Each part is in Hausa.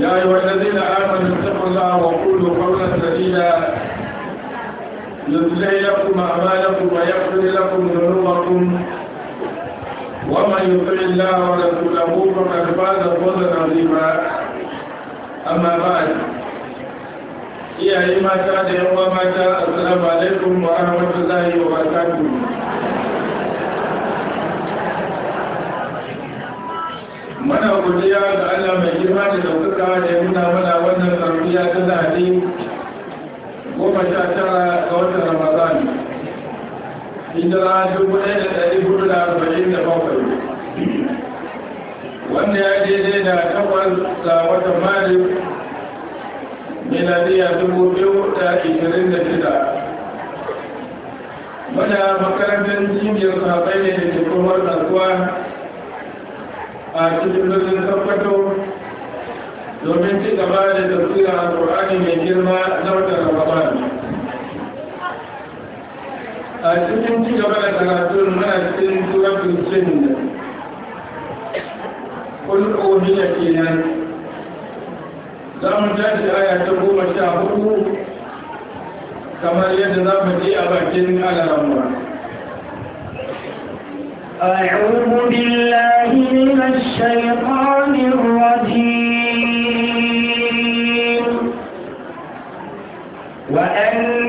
يا أيها الذين آمنوا اتقوا الله وقولوا قولا سديدا يصلح لكم أعمالكم ويغفر لكم ذنوبكم ومن يطع الله ورسوله فقد فاز فوزا عظيما أما بعد يا إما كان يوم مات السلام عليكم ورحمة الله وبركاته mana godiya ga Allah mai girma da daukaka da ya nuna mana wannan tarbiya ta zaɓe goma sha tara ga watan Ramadan. Hijira dubu ɗaya da ɗari hudu da arba'in da bakwai. Wanda ya daidai da takwas ga watan Maris miladiya dubu biyu da ishirin da shida. Muna makarantar cibiyar sahabai ne da ke kuma kasuwa a cikin lokacin tabbato domin ci gaba da tafiya a ƙorani mai girma na watan ramadan a cikin ci gaba da karatun muna cikin turafin cin kulkomiya kenan za mu tashi aya ta goma sha hudu kamar yadda za mu ji a bakin alaramma أعوذ بالله من الشيطان الرجيم وأن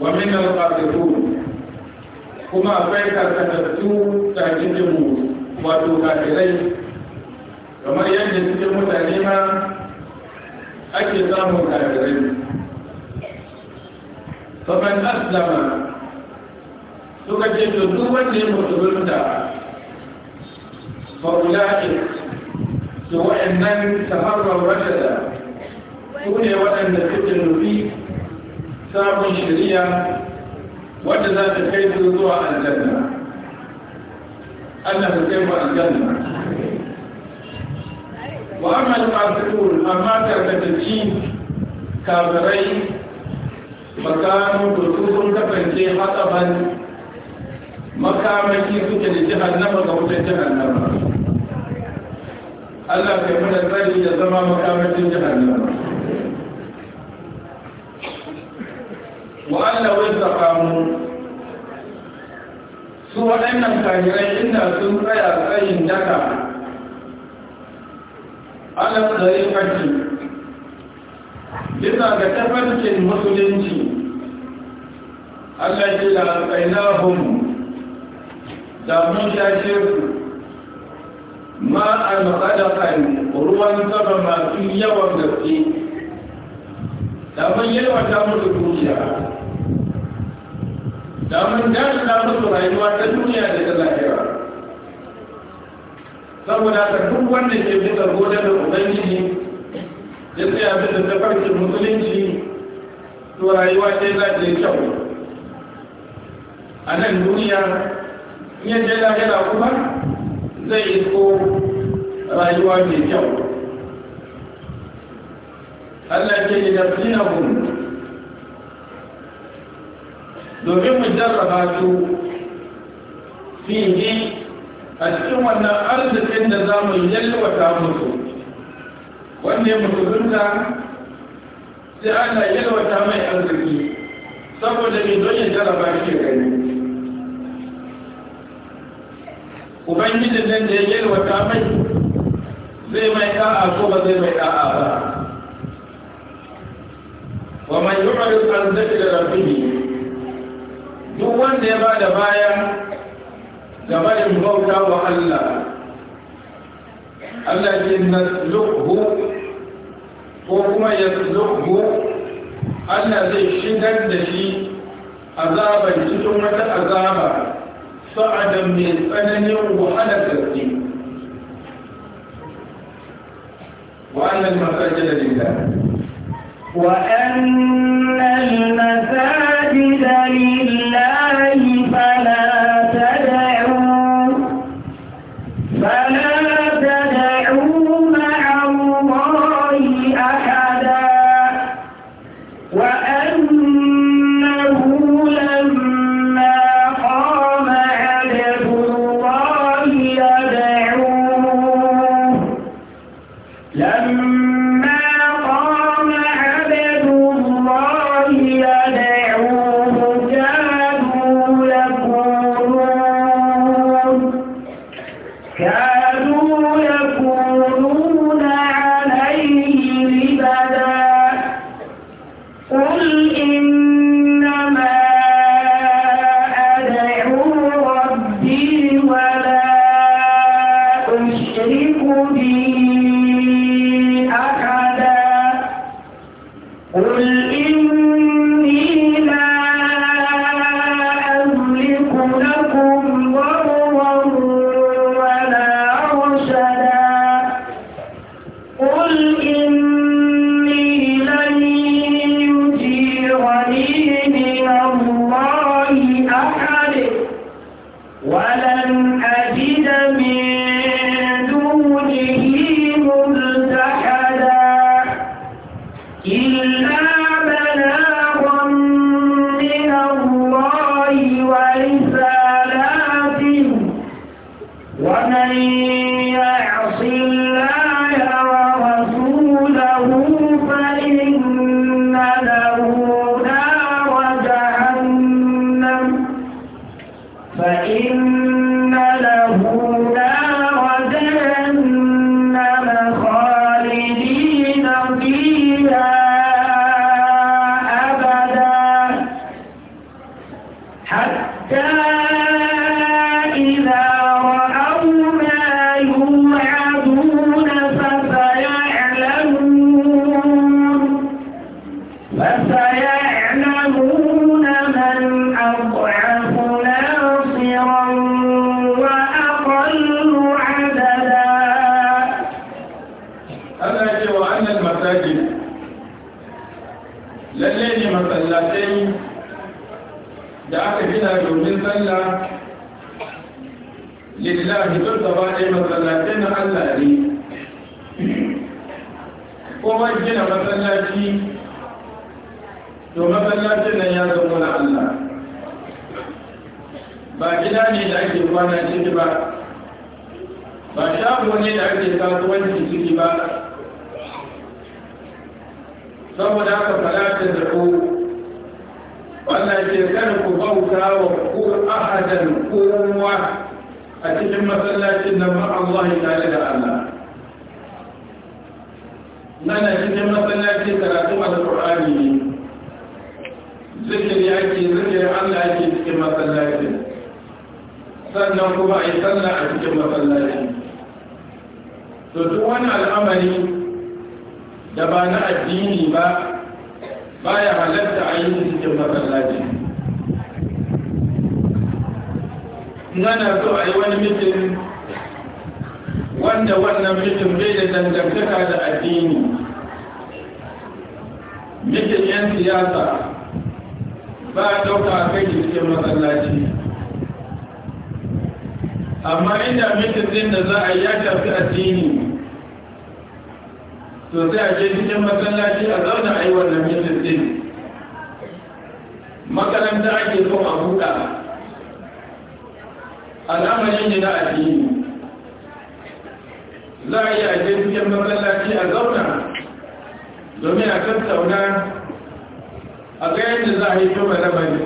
wa min al-qadidun kuma akwai karkatattu ta cikin mu wato kafirai kamar yadda cikin mutane ma ake samun kafirai faman aslama suka ce to duk wanda ya musulunta faula'i to wa'annan taharrar rashada su ne waɗanda suke nufi sabon shari'a wadda za ta kai su zuwa aljanna Allah ta kai mu aljanna wa amma al-fasiqun amma tarkatacci kafirai makanu da su sun kasance hatsaban makamaki suke da jihar jihannama ga wutar jihannama Allah kai mana tsari da zama makamakin jihar jihannama wa'anda wai tsakamu su waɗannan kahirai inda sun tsaya tsayin daka ala tsarifaki bisa ga tafarkin musulunci allah ce da tsainahun da mun shashe su ma'an tsadakan ruwan sama masu yawan gaske da mun yalwata musu dukiya da mun na musu rayuwa ta duniya da ta lafiya saboda ka duk wanda ke bisa gode da ubangiji ya tsaya bisa tafarkin musulunci to rayuwa ce za ta yi kyau a nan duniya in ya je lahira kuma zai isko rayuwa mai kyau Allah ke yi da sinahun domin mu jarraba su fiye a cikin wannan arzikin da za mu yalwata musu wanda ya musulunta sai ana yalwata mai arziki saboda mai don ya jarraba shi gani ubangijin nan da ya yalwata mai zai mai ɗa'a ko ba zai mai ɗa'a ba wa mai yi ƙwarin arziki da rafi duk wanda ya ba da baya ga bayan bauta wa Allah Allah ke nazluhu ko kuma ya nazluhu Allah zai shigar da shi azaban cikin wata azaba sa'adan mai tsananin wahala gaske وأن المساجد لله وأن المساجد الإنسان zikiri ake zikirin Allah ake cikin masallaci sannan kuma a yi sallah a cikin masallaci to duk wani al'amari da ba na addini ba ba ya halatta a yi cikin masallaci nana so a yi wani mitin wanda wannan mitin bai da dangantaka da addini mitin 'yan siyasa ba a ɗauka a kai cikin masallaci amma inda mitin din da za a yi ya a addini to sai a je cikin masallaci a zauna a yi wannan mitin din makaranta ake so a buɗa al'amarin ne na addini za a yi a je cikin masallaci a zauna domin a tattauna a ga yadda za a yi da bane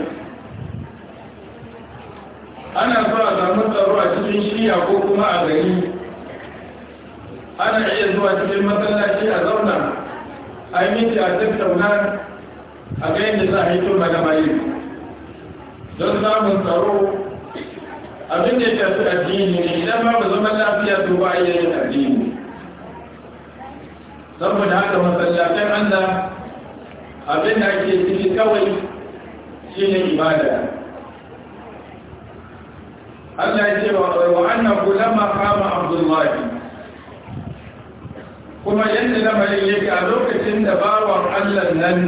ana so a samu tsaro a cikin shiya ko kuma a gari ana iya zuwa cikin masallaci a zauna a yi miki a tattauna a ga yadda za a yi da bane don samun tsaro abin da ya fi addini ne idan ba mu zaman lafiya to ba iya yin addini saboda haka masallacin Allah abin da ake ciki kawai shi ne ibada Allah ya ce wa annahu lamma qama Abdullahi kuma yadda lamarin yake a lokacin da bawan Allah nan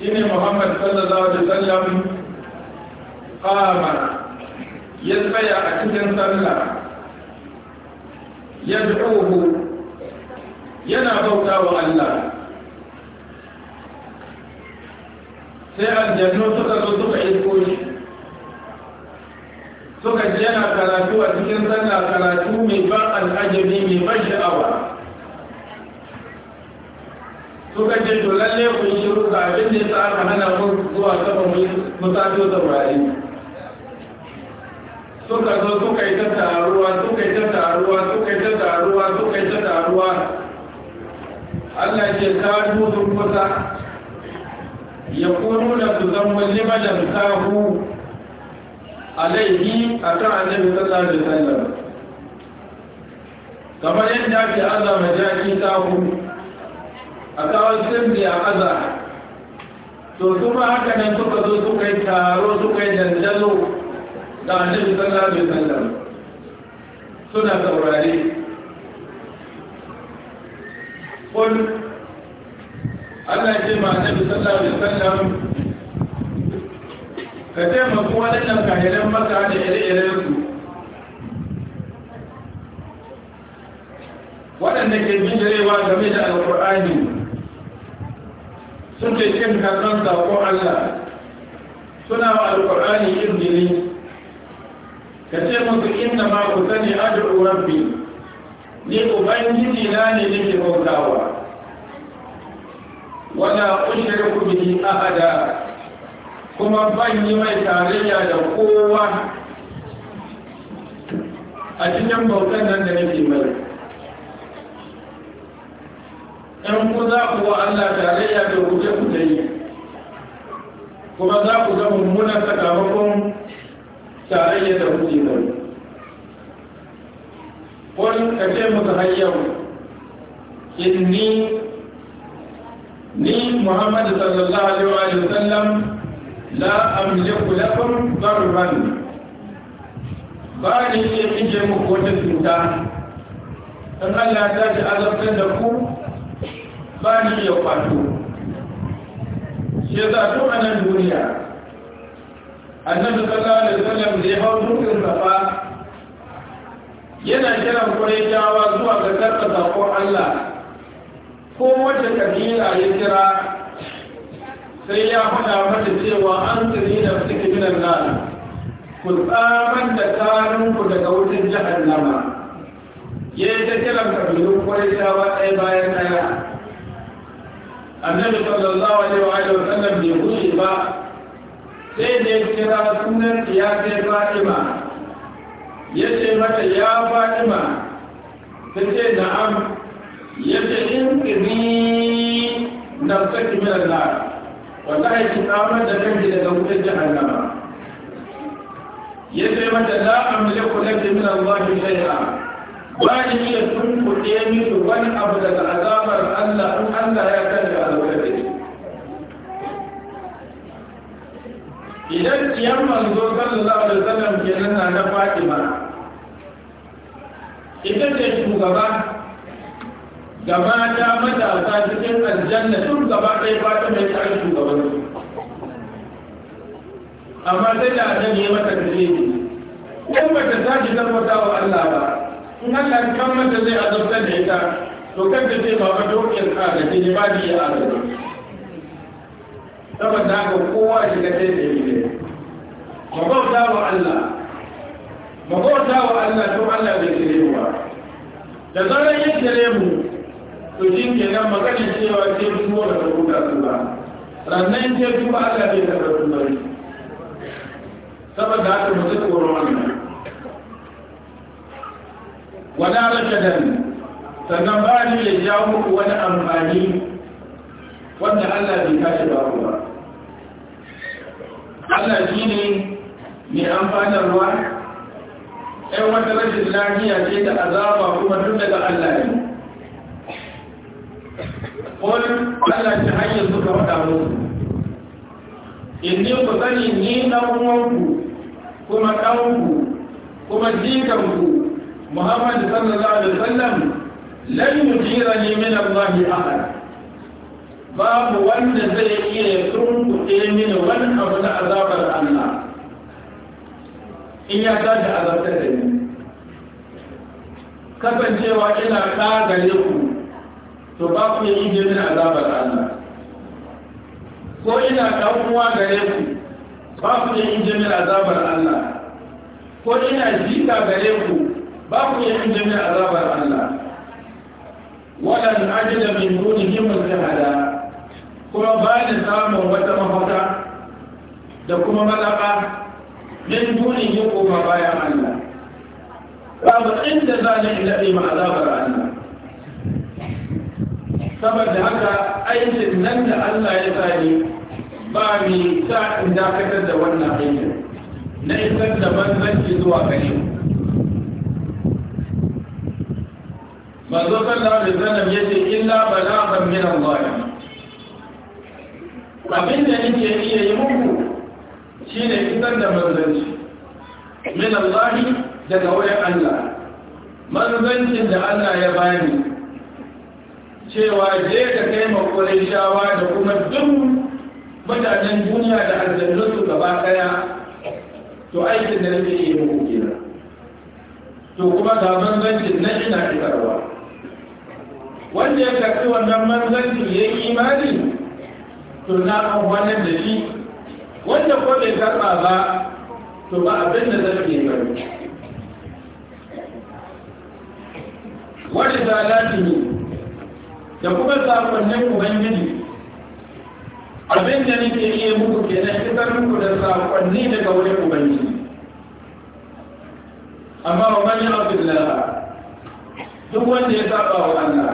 shine Muhammad sallallahu alaihi wasallam qama ya tsaya a cikin sallah yad'uhu yana bauta wa Allah sai aljannu suka zo suka isko shi suka ji yana karatu a cikin sallah karatu mai ban al'ajabi mai ban sha'awa suka ce to lalle ku yi shiru ga abin da yasa aka hana ku zuwa saba mu musato saurari suka zo suka yi ta taruwa suka yi ta taruwa suka yi ta taruwa suka yi ta taruwa Allah ce ta mutum kusa يقولون تذنب لما ينتاه alaihi a kan annabi sallallahu alaihi wasallam kamar yadda ake aza majaki taku a kawar sirri a aza to kuma haka suka zo suka yi taro suka yi dandalo da annabi sallallahu alaihi suna saurare Allah ce ma annabi sallallahu alaihi wasallam ka ce ma ku wadannan kahiran maka da ire-iren su waɗanda ke bijirewa game da alƙur'ani sun ke cin karɓar ko Allah suna wa alƙur'ani izini ka ce musu inda ma ku sani addu'u rabbi ni ubangiji na ne nake bautawa wala ushriku bihi ahada kuma ban yi mai tarayya da kowa a cikin bautan nan da nake mai in ku za ku wa Allah tarayya da ku je yi kuma za ku ga mummunan sakamakon tarayya da kuke mai ka ce أتم hayyau inni ni muhammad sallallahu alaihi wa sallam la amliku lakum darban Bani ni iya kike ko wata cuta dan Allah ta ji azabtar da ku Bani ya iya kwato shi yasa tun a duniya annabi sallallahu alaihi wa sallam da ya hau dukkan safa yana kiran kwarai jawa zuwa ga karɓar saƙon Allah ko wata kabila ya kira sai ya faɗa mata cewa an tsiri da suke minan nan ku tsamar da tarinku daga wutan nama ya yi ta kiran kabilun kwarai shawa ɗaya bayan ɗaya annabi sallallahu alaihi wa sallam bai huce ba sai da ya kira sunan ya kai fatima ya ce mata ya fatima ta ce na'am yadda in kiri na saki min Allah wallahi ki tsamar da kanki daga wutar jahannama yadda mata la amliku laki min Allah shay'a ba ni iya tunkuɗe mutu wani abu daga azabar Allah in Allah ya kanta azabta da idan kiyar manzo sallallahu alaihi wasallam nan na Fatima ita ce shugaba ga mata matasa cikin aljanna tun gaba ɗaya fata mai ta aiki gaban su amma sai da annabi ya mata kaje ne ko ba ta tashi tabbata wa Allah ba in Allah kan mata zai azabtar da ita to kan ta ce ba ba dokin ka da ke ba ji ya azaba saboda haka kowa shi ga sai da ne mabauta wa Allah mabauta wa Allah to Allah bai kire mu ba da zarar ya kire mu to shi ke nan maganin cewa ke tuwo da ka buga su ba rannan ke tuba Allah bai da karfi ba saboda haka mutum tsoron wannan wani ne, sannan ba ni ya jawo muku wani amfani wanda Allah bai tashi ba ku ba Allah shi ne mai amfanarwa ɗan wata rashin lafiya ce da azaba kuma tun daga Allah ne قل ألا تهيئ سكا ودعوه inni ku sani ni dan kuma ɗanku kuma jikanku Muhammad sallallahu alaihi wasallam lan yujirani min Allah ahad babu wanda zai iya turkuɗe mini wani abu na azabar Allah in ya tashi azabtar da ni kasancewa ina kagare ku to ba ku da ije min azabar Allah ko ina ɗan uwa gare ku ba ku da ije min azabar Allah ko ina jika gare ku ba ku da ije min azabar Allah an ajida min dunihim mulkahada kuma ba ni samun wata mafaka da kuma malaka min dunihim kuma bayan Allah babu inda za ni ma azabar Allah saboda haka aikin nan da Allah ya sani ba mai sa in dakatar da wannan aikin na isar da manzanci zuwa gare mu manzo sallallahu alaihi wasallam yace illa balaghan min Allah abin da nake iya yi muku shine isar da manzanci min Allah daga wurin Allah manzancin da Allah ya bani cewa je ka kai makwai shawa da kuma duk mutanen duniya da aljannatu gaba daya to aikin da nake yi mu kira to kuma ga manzanci na ina isarwa wanda ya karbi wannan manzanci ya yi imani to na amfanar da shi wanda ko bai karɓa ba to ba abin da zai yi bari wani zalati ne da kuma sakonnin ubangiji abin da nake iya muku kenan isar muku da sakonni daga wurin ubangiji amma ba man ya'budillah duk wanda ya saba wa Allah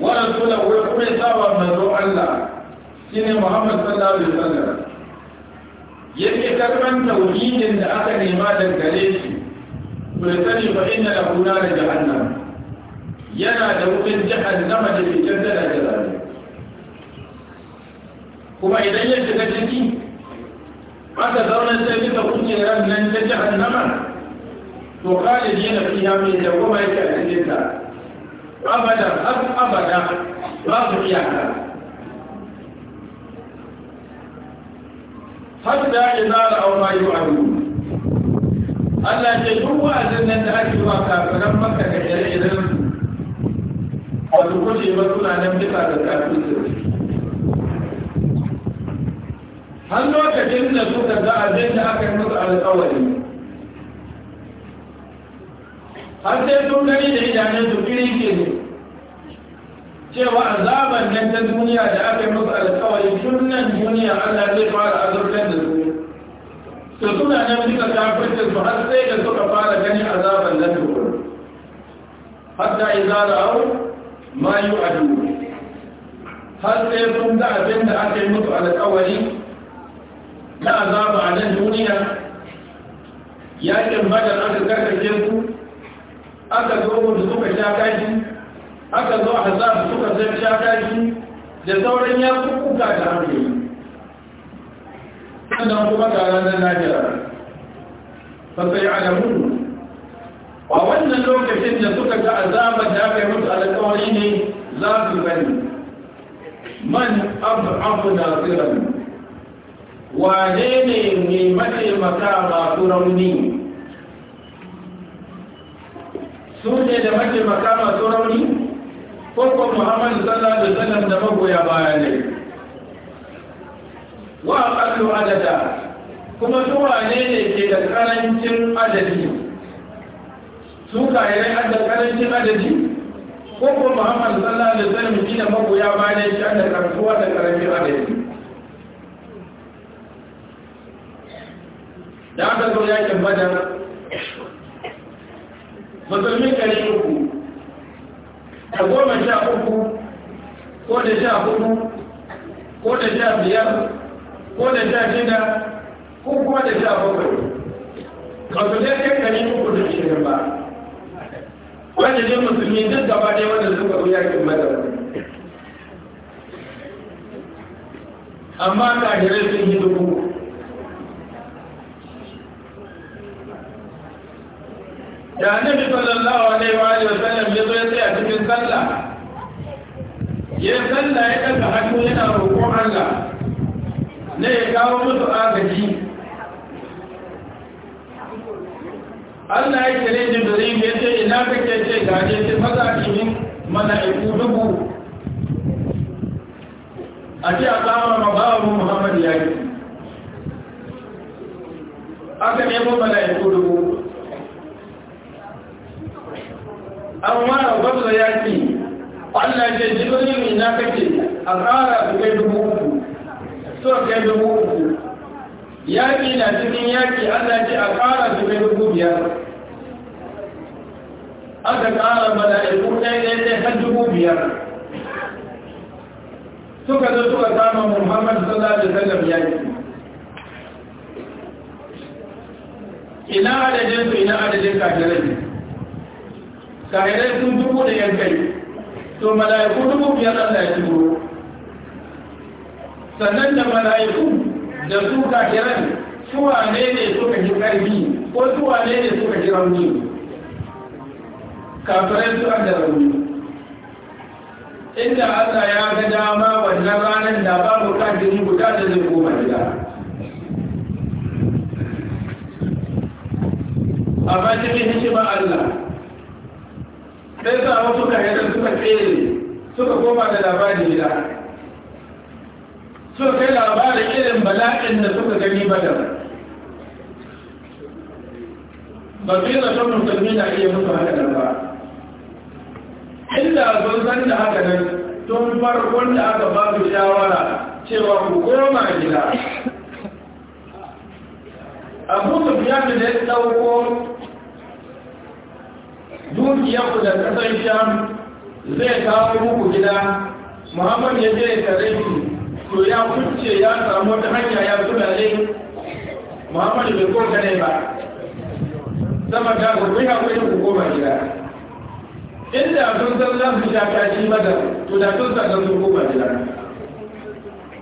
wa rasulahu ya kuma ya saba manzo Allah shine Muhammad sallallahu alaihi wasallam yake karban tauhidin da aka nema daga gare shi to sani fa inna lahu da jahannam yana da jihar zama da fitar da rajulani kuma idan ya shiga ciki aka zaune sai kuke ran nan ta zama to kalin yana ya mai da kuma yake a cikin ta abada har abada babu iyaka hatta idza ra'aw ma yu'adun Allah ya duk wa'azin nan da ake wa kafiran Makka da ire idan ba su ba suna nan bisa da kafin har lokacin da suka ga abin da aka yi musu alƙawari har sai sun gani da idanun su kiri ke ne cewa azaban nan ta duniya da aka yi musu alƙawari tun nan duniya Allah zai fara azurkan da su to suna nan bisa kafircin su har sai da suka fara ganin azaban nan tukuru hatta idza ra'au ma yi adu har sai sun ga abin da aka yi musu alƙawari na azaba a nan duniya yakin bada aka karkace su aka zo gudu suka sha kashi aka zo hazab suka zai sha kashi da sauran kuka da aka yi sannan kuma ga ranar lafiya ba sai alamu a wannan lokacin da suka ga azabar da aka alƙawari ne za su gani. man abu abu na tsiran wane ne mai mataimaka masu rauni su ne da mataimaka masu rauni kokon muhammadu sallallahu alaihi wasallam da magoya baya ne wa aqallu adada kuma su wane ne ke da ƙarancin adadi su kayan adda ƙarancin adadi ko ko muhammad sallallahu alaihi wasallam shi da magoya bayan shi da karantuwa da karami alaihi da aka zo yakin badar musulmi kari uku da goma sha uku ko da sha hudu ko da sha biyar ko da sha shida ko kuma da sha bakwai Kasu ne kai kari uku da shirin ba wanda dai musulmi duk gaba dai wanda yakin badar amma sun yi dubu da annabi sallallahu alaihi wa alihi ya zo ya tsaya cikin sallah ya sallah ya daga hannu yana roƙon Allah ne ya kawo musu agaji Allah ya kire Jibril ya ce ina kake ce ne ce faza kimin mala'iku dubu a ce a kama mu Muhammad ya yi aka nemo mala'iku dubu an mara ya yaki Allah ya ce Jibril ina kake a kara su kai dubu uku suka kai dubu uku yaƙi na cikin yaƙi Allah ce a ƙara zubai dubu biyar aka ƙara mala'iku ɗaya ɗaya ɗaya har dubu biyar suka zo suka kama Muhammad sallallahu alaihi wasallam yaƙi ina adadin su ina adadin kafirai kafirai sun dubu da kai to mala'iku dubu biyar Allah ya shigo sannan da mala'iku da su kafiran suwa ne ne suka ji ƙarfi ko suwa ne ne suka ji rauni kafirai su an da rauni inda Allah ya ga dama wannan ranar da babu kafiri guda da zai koma gida amma cikin ba Allah sai sa wasu kayan suka tsere suka koma da labari gida suka kai labarin irin bala'in da suka gani badar ba su yi zaton musulmi na iya musu haka nan ba inda sun san da haka nan tun farkon da aka ba su shawara cewa ku koma gida abu su fiya da ya ɗauko dukiyarku da ƙasar sham zai kawo muku gida Muhammadu ya je ya kare shi to ya kunce ya samu wata hanya ya zuna ne muhammadu bai ko ne ba sama ta ku kai hakuri ku koma gida inda sun san za su sha kashi maza to da sun san sun koma gida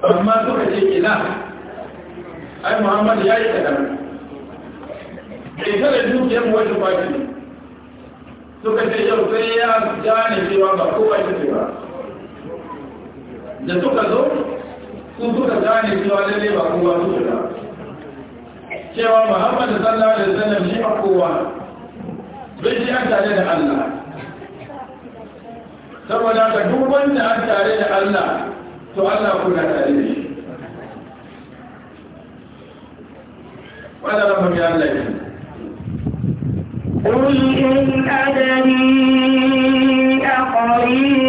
amma suka ce ina ai muhammadu ya yi kadan bai kada dukiyar wata kwaji suka ce yau sai ya gane cewa ba kowa ce ba da suka zo sun suka gane cewa lalle ba kowa suka da cewa muhammadu sallallahu alaihi wasallam shi a kowa bai shi an tare da Allah saboda ka duk wanda an tare da Allah to Allah kuna tare shi wanda rafa mai Allah yi قل إن أدري أقريب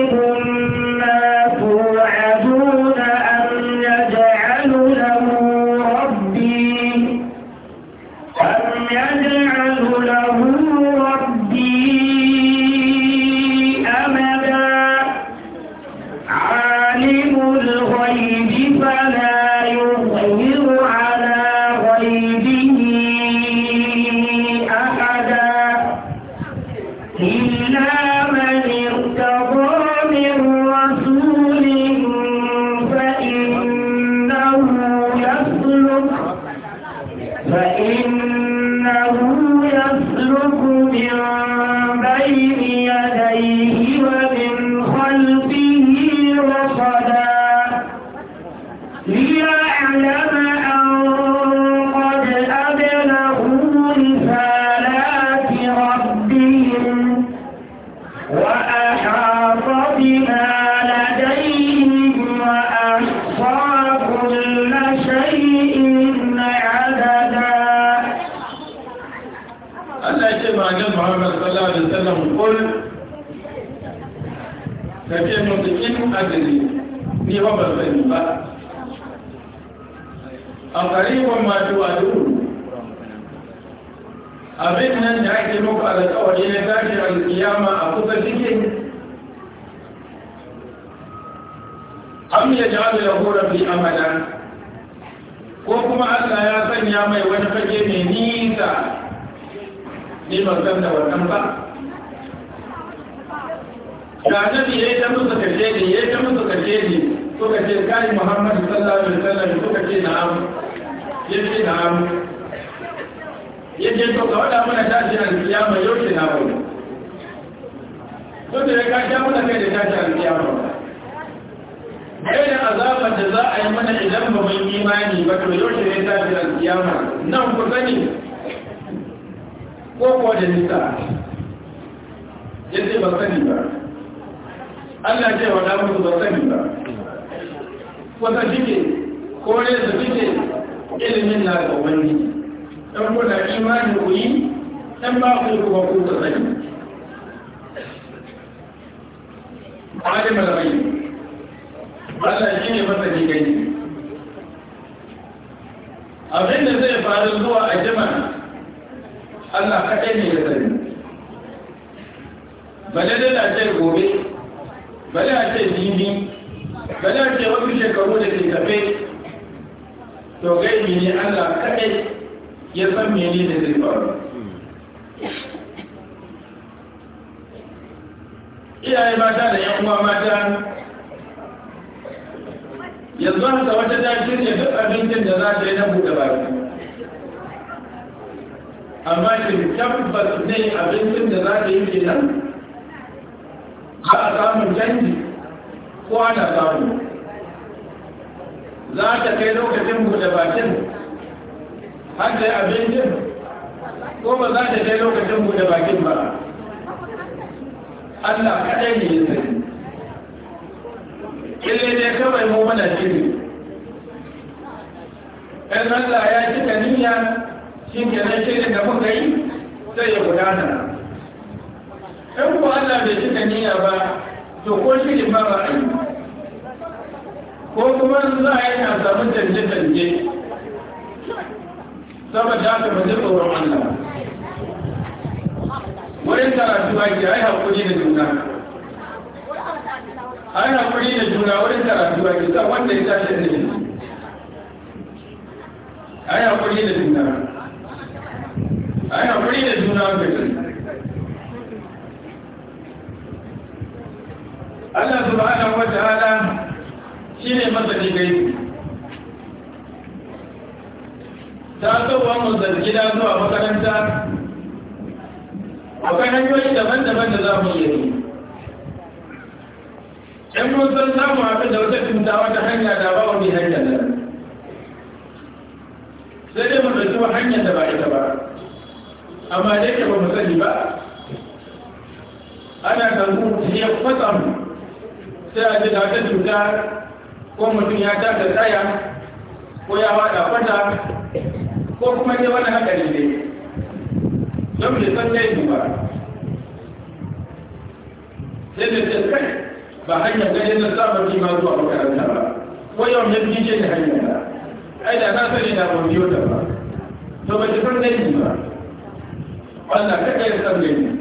so da ya kashe mana kai da tashi alkiyama bayan azabar da za a yi mana idan ba mun imani ba to yau ne ta tashi alkiyama nan ku sani ko ko da nisa yace ba sani ba Allah ce wa da musu ba sani ba wata shike ko ne su fike ilimin na da wani dan kuna imani ku yi dan ba ku ku ba ku sani ba da ba Allah shi ne masa ni gani abin da zai faru zuwa a jama'a Allah kaɗai ne ya sani bale da na ce gobe bale a ce dini bale a ce wasu shekaru da ke tafe to gaibi ne Allah kaɗai ya san mene ne zai faru iyaye mata da yan uwa mata yanzu haka wata ta shirya duk abincin da za ta yi na buɗe baki amma ke tabbas ne abincin da za ta yi nan ba a samun canji ko ana samu za ta kai lokacin buɗe bakin har da abincin ko ba za ta kai lokacin buɗe bakin ba Allah kaɗai ne ya sani kille ne kawai mu mana shiri in Allah ya cika niyya shi ke nan shirin da muka yi sai ya gudana in ko Allah bai cika niyya ba to ko shirin ba ba a yi ko kuma za a yi na samun canje-canje saboda haka ba zai tsoron Allah wurin karatu ake ai haƙuri da juna ai haƙuri da juna wurin karatu ake sa wanda ya tashi da jini ai haƙuri da juna ai haƙuri da juna wanda Allah subhanahu wa ta'ala shine masani gaibi ta zo wa mu zuwa makaranta akwai hanyoyi daban-daban da za mu iya yi ɗan mun san samu abin da wata cuta wata hanya da ba wani hanya da sai dai mu ɗauki hanyar da ba ita ba amma dai ke ba mu sani ba ana kanku ya mu sai a ji da wata cuta ko mutum ya taka tsaya ko ya wada kwata ko kuma ya wani haɗari ne don bai san laifi ba sai da ta kai ba hanyar ganin na samun ji ma zuwa makaranta ba ko yau ne bi ce da hanyar ba ai da na sani na ba biyo ta ba to ba ji san laifi ba wannan kada ya san laifi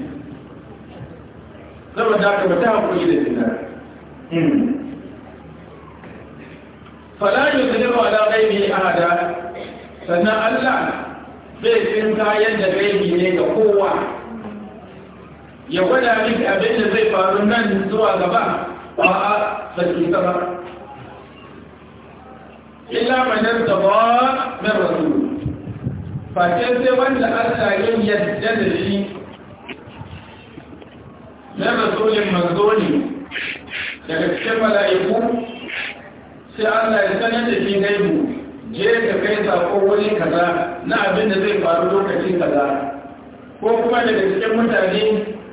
saboda haka ba ta haƙuri da tunan فلا يذنب على غيره أحدا سنة الله laifin kayan da gaibi ne ga kowa ya gwada miki abin da zai faru nan zuwa gaba ba a sarki ba illa manar da ba na rasu fatin sai wanda allah ya yadda da shi na rasulun manzo ne daga cikin mala'iku sai allah ya sanar da shi gaibu je ka kai sako wani kaza na abin da zai faru lokacin kaza ko kuma daga cikin mutane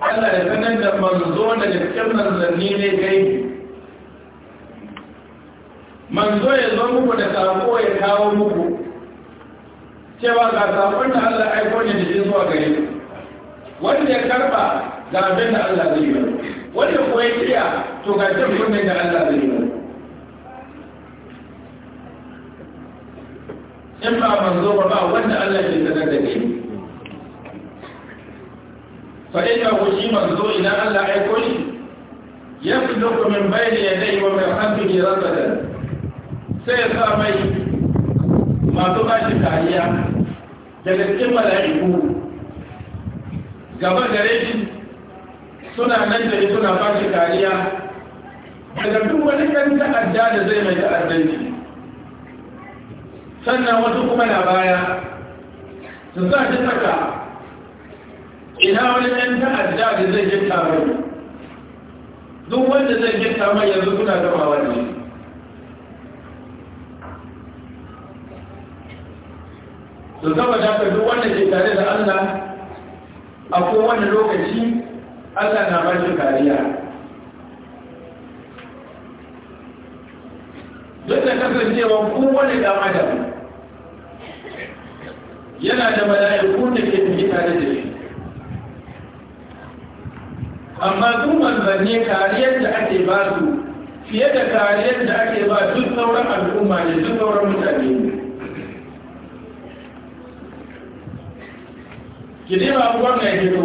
Allah ya sanar da manzo daga cikin manzanni ne kai manzo ya zo muku da sako ya kawo muku cewa ga sakon da Allah aiko ne da shi zuwa gare ku wanda ya karba ga abin da Allah zai yi wanda ko ya kiya to ga cikin da Allah zai yi in ba manzo ba ba wanda Allah ke sanar da shi fa inna hu shi manzo idan Allah ya aiko shi yafduku min bayni yadayhi wa min khalfihi rasadan sai ya sa mai masu ba shi kariya daga cikin mala'iku gaba gare shi suna nan da suna ba shi kariya daga duk wani kan ta'adda da zai mai ta'addanci sannan wasu kuma na baya su sa shi saka ina wani ɗan ta'adda da zai gifta mai duk wanda zai gifta mai yanzu kuna zama wani su zama dafa duk wanda ke tare da allah a kowane lokaci allah na ba shi kariya duk da kasancewa kowane ɗan adam yana da mala'iku da ke tafi tare da shi amma duk manzanni kariyar da ake ba su fiye da kariyar da ake ba duk sauran al'umma ne duk sauran mutane ne ki ne ba gwamna gido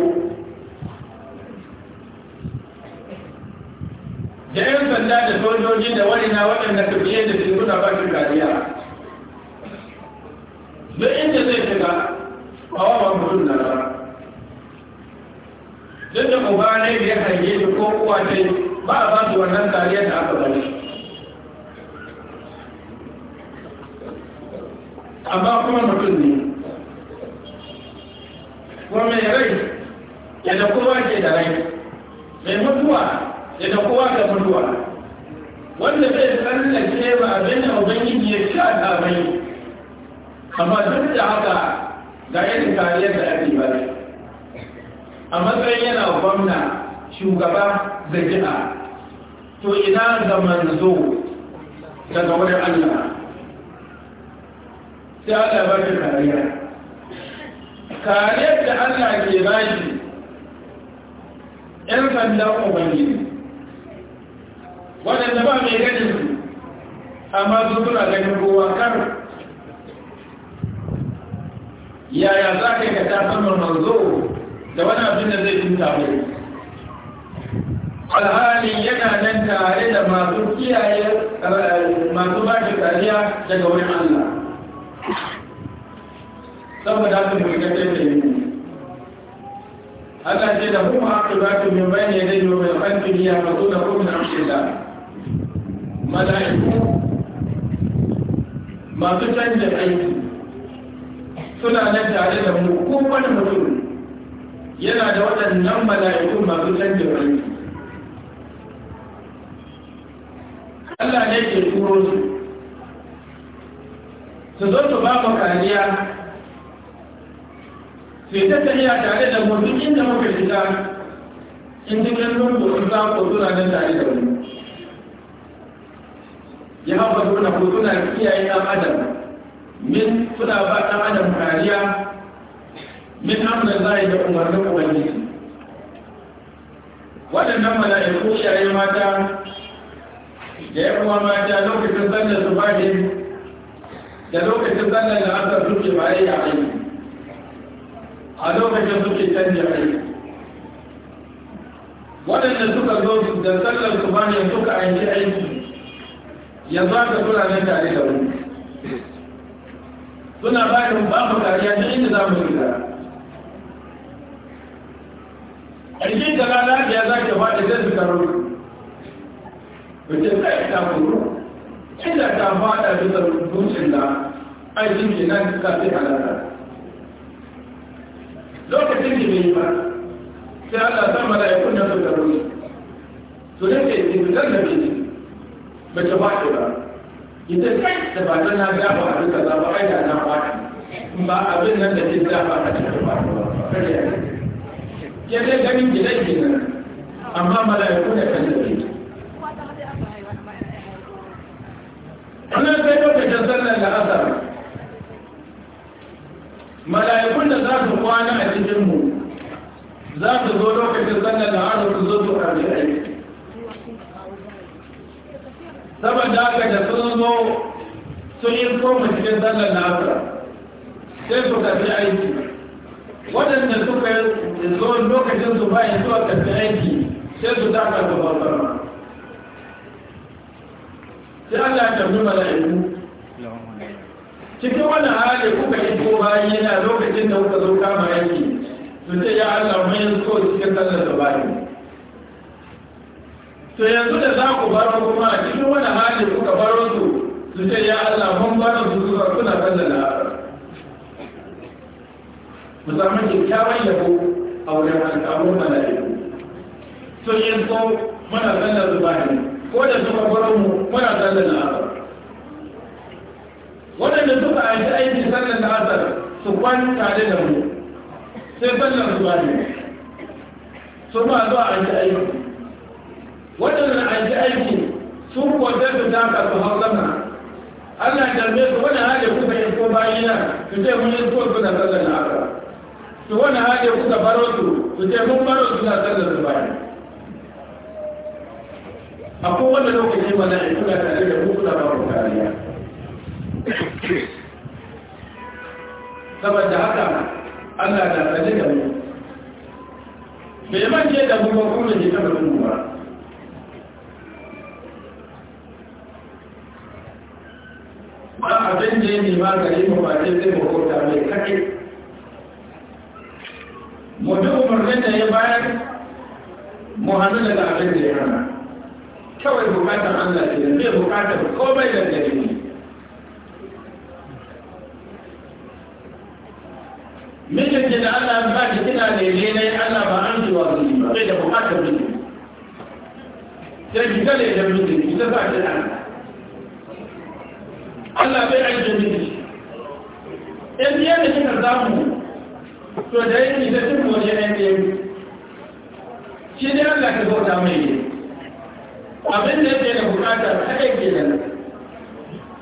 da 'yan sanda da sojoji da wani na waɗanda ka fiye da su suna ba su kariya duk inda zai shiga a wawan mutum na rana duk da uba ne da ya hange shi ko kuwa ce ba a ba su wannan kariyar da aka bari amma kuma mutum ne kuma mai rai da kowa ke da rai mai mutuwa da kowa ka mutuwa wanda zai tsallake ba abin da ubangiji ya sha ta mai amma duk da haka ga irin kariyar da ake ba a matsayin yana gwamna shugaba da jiha to ina da manzo daga wurin allah sai allah ba shi kariya kariyar da allah ke ba shi ‘yan sandan ubangiji waɗanda ba mai ganin su amma su suna ganin ruwa kar yaya za ka yi ka tasan manzo da wani abin da zai cuta mai alhali yana nan tare da masu kiyaye masu ba shi daga wani Allah saboda haka mu ga kai da yi Allah ce da kuma haka za ku yi bayani ya dai mai fanti a mazo da kuma amshida mala'iku masu canjin aiki suna nan tare da mu ko wani mutum yana da waɗannan mala'iku masu canje wani Allah ne ke turo su su zo su ba mu kariya sai ta tafiya tare da mu duk inda muka shiga in cikin lungu in za ko suna nan tare da mu ya ba suna ku suna kiyaye ɗan adam min suna ba ta adam kariya min amna yi da umarnin ubangiji waɗannan mala'iku shaye mata da ya kuma mata lokacin sallar su bahin da lokacin sallar da aka suke baye a aiki a lokacin suke canja aiki waɗanda suka zo da sallar su bahin suka aiki aiki yanzu aka tura nan tare da wani suna ba da ba mu kariya ta inda za mu yi kara ƙarshen da rana ya za ta faɗi zai su karo wajen kai ta kuro inda ta faɗa da zarurutun da aikin ke nan ta fi halata lokacin da mai ba sai Allah san ya kunya su karo su ne ke yi da bai ta faɗi ba ita kai da ba ta na gafa a duka za ba ai da na fata ba abin nan da ke gafa a cikin ba ya dai ganin gidan gidan amma mala'iku da kan da ke Wannan sai lokacin sallar da asar mala'ikun da za su kwana a cikinmu za su zo lokacin sannan da ana su zo su karbi aiki saboda haka da sun zo sun yi koma cikin na haka sai su tafi aiki waɗanda suka zo lokacin su bayan zuwa tafi aiki sai su taka su bambara sai Allah ya tafi mala'iku cikin wani hali kuka yi ko bayan yana lokacin da kuka zo kama aiki su ce ya Allah mun yi so cikin zallar da bayan to yanzu da za ku baro kuma cikin wani hali kuka baro su su ce ya Allah mun baro su zuwa kuna kallala mu samu kyakkyawan yabo a wurin alƙawarin mala'iku to yanzu muna sallar zubani ko da suka baro mu muna sallar la'asar waɗanda suka aiki aiki sallar la'asar su kwan tare da mu sai sallar zubani su ba zuwa aiki aiki waɗanda an ji aiki sun kwanta su taka su hau sama Allah ya tambaye su wani hali kuka yi ko bayan nan su ce mun yi su na sallar na haka su wani hali kuka baro su su ce mun baro na sallar su bayan akwai wanda lokaci mana ya kuka tare da kuna ba mu kariya saboda haka Allah na tsaye da mu bai manje da mu ba kuma ne ta ba dangi magani ba ce zai mai kake mu umarnin da ya bayar mu daga abin da ya hana kawai bukatar Allah ce da zai bukatar komai da gari ne mijin da Allah ba ki kina ne ne Allah ba an ji wa ba bai da bukatar mijin sai ki gane da mijin ki ta sa Allah bai aiki da shi in biya da kika mu, to da yi da cin waje ne ne shi ne Allah ka bauta mai ne abin da yake da buƙatar haka kai da nan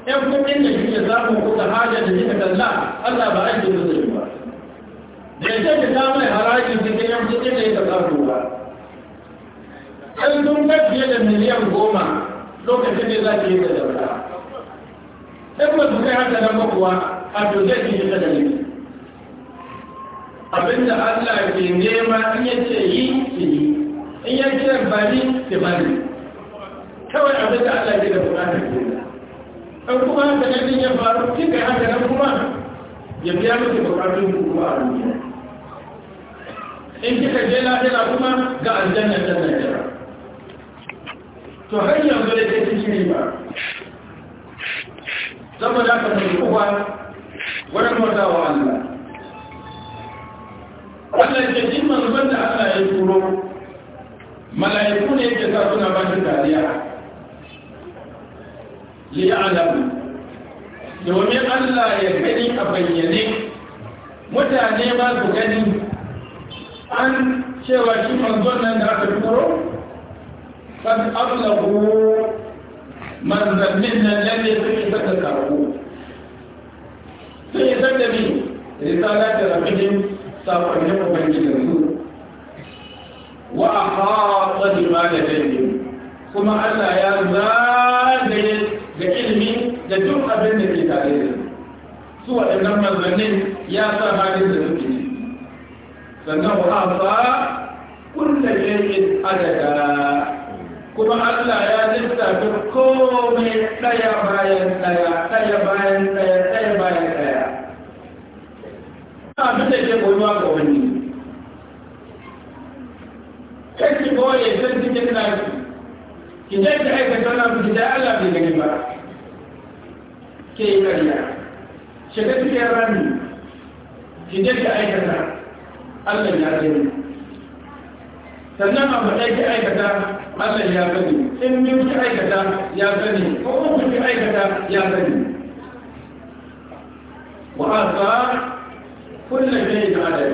in kuɗin da kike samu ko da haja da ka kalla Allah ba aiki da shi ba da yake da mai haraji ke yan kuɗin da yake zamu ba sai sun ga fiye da miliyan goma lokacin da za ki yi da jama'a. in ba kai haka nan ba a to zai fi ta da ne abinda Allah ke nema in ya ce yi ki yi in ya ce bari ki bari kawai abinda Allah ke da bukatar ke kuma haka nan ya faru kika haka kuma ya biya miki bukatun ku a duniya in kika je lahira kuma ga aljanna ta Najeriya to har yanzu da ke cikin ba saboda ka sai uwa wurin wata wa Allah wannan ke jin da Allah ya turo mala'iku ne yake sa suna ba shi dariya liya'lamu domin Allah ya gani a bayyane mutane ba su gani an cewa shi manzon nan da aka turo kan ablahu manzannin nan lalle sun isar saka sako sun isar da mi risala da rabihim sakonnin da su wa a hawa bima da dangin kuma allah ya zagaye da ilimi da duk abin da ke tare da su su waɗannan manzannin ya sa halin da suke sannan wa a fa kullum yakin adada kuma Allah ya lissafi komai ɗaya bayan ɗaya ɗaya bayan ɗaya ɗaya bayan ɗaya abin da ke koyuwa ga wani kake boye zan cikin naki ki je ki aikata na ki da Allah bai gani ba ke yi ƙarya shiga cikin rami ki je ki aikata Allah ya gani sannan a faɗa ki aikata Allah ya gani in min ki aikata ya gani ko kuma ki aikata ya gani wa asa kullum ne da ya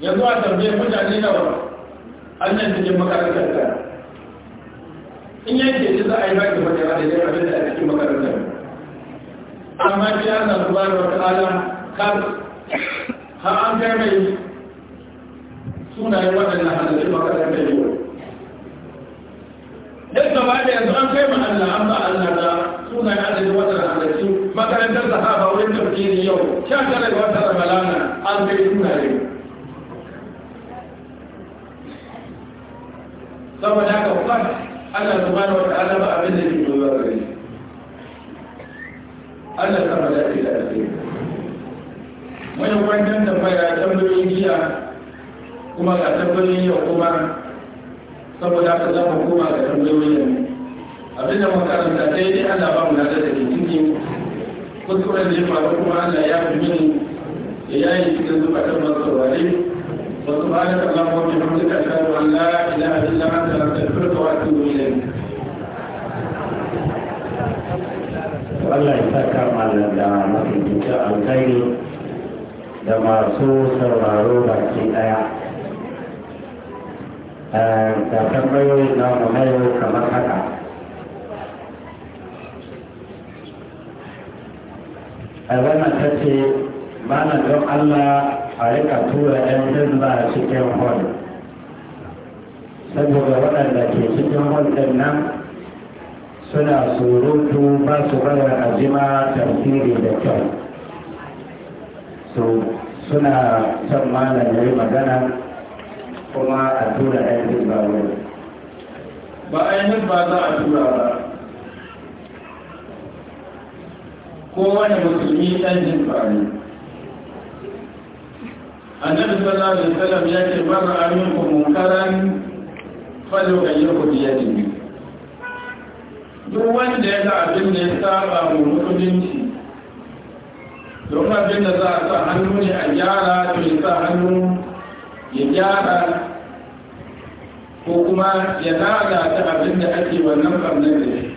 yanzu a tambaye mutane wa annan cikin makarantar ka in ke shi za a yi baki wajen da yin abin da a cikin makarantar amma ki ana samu da wata ala ka ha an kai mai sunayen waɗannan halittu magana ta yi wani duk gaba da yanzu an kai ma an ba Allah da sunayen adadin waɗannan halittu makarantar sahaba wurin yau sha tara da wata ramalana an kai sunaye saboda haka kuma Allah da wa ta'ala ba abin da ke dogara gare shi Allah ta malaka da alheri mun yi kwantar da mai tambayoyin kuma ga tambayoyin yau kuma saboda ka zama kuma koma ga tambayoyin yau abin da muka karanta sai dai Allah ba mu da ke cikin kuskuren da ya faru kuma Allah ya fi min ya yayi cikin zubatan masu saurare wa subhanaka allahumma wa bihamdika ashhadu an la ilaha illa anta astaghfiruka wa atubu ilayk Allah ya saka malam da mafi cikin alkhairi da masu sauraro baki daya da tambayoyi na mamayo kamar haka a wannan ta ce ba na don allah a rika tura 'yan hizba cikin hall saboda waɗanda ke cikin hall ɗin nan suna surutu ba su barar ajima tafsiri da kyau suna zan malam ya yi magana kuma a tura ainihin ba wani ba ainihin ba za a tura ba kowane musulmi ɗan jin faru annabi sallallahu alaihi wasallam ya ce ba za a yi ku munkaran falo a yi ku biya ne duk wanda ya ga abin da ya saba mu musulunci domin abin da za a sa hannu ne a gyara to ya sa hannu ya gyara ko kuma ya ta abin da ake wannan ɓarnar da shi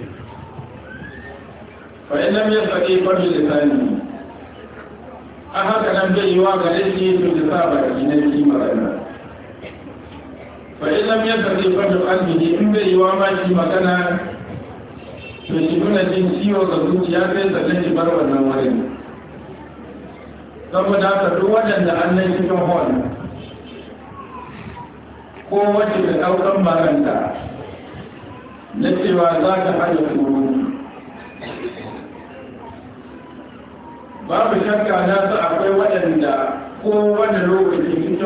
fa'ilam ya faɗi farin Sani. a haka nan bai yi wa gare shi su da sa baki na shi magana fa'ilam ya faɗi farin aljihi in bai yi wa ma shi magana to shi nuna jin ciwo ga zuciya sai sannan shi bar wannan wurin saboda haka duk waɗanda an nan ta hall ko wacce da ɗaukar maranta, na cewa za ta haɗa kuru. babu shakka na su akwai waɗanda ko wani lokaci cikin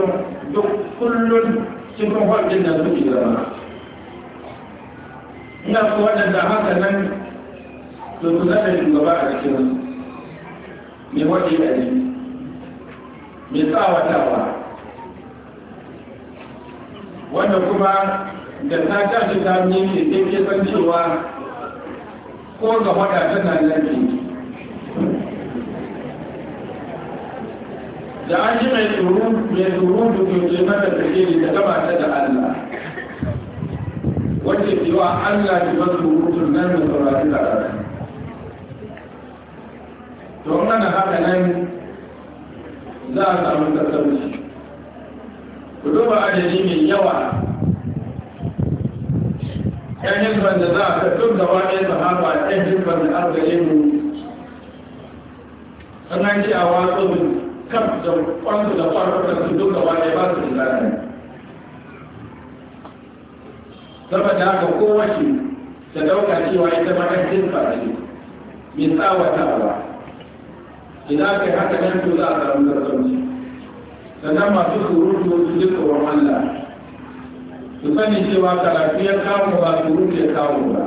duk kullum cikin waɗin da suke zama ina su waɗanda haka nan su su zaɗa shugaba a cikin mai waɗi ɗari mai tsawatawa wanda kuma da ta tashi ta miƙe da ke san cewa ko ga wata tana lafi da an ji mai tsoro mai tsoro da ke mata da ke da gaba da Allah wacce cewa Allah ba su surutun nan da saurari da rana to wannan haka nan za a samu shi ku duba adadi mai yawa ɗan hizban da za a ka duk gaba ɗaya sahaba ɗan hizban da aka gare mu sannan ji a watsa mu kan da kwansu da kwarfukan su duk da ɗaya ba su da Zama saboda haka kowace da dauka cewa ita ma ɗan hizba ne mai tsawatawa idan aka yi haka nan to za a samu zartarci sannan masu surutu su ji tsoron Allah su sani cewa karatu ya kawo ba surutu ya kawo ba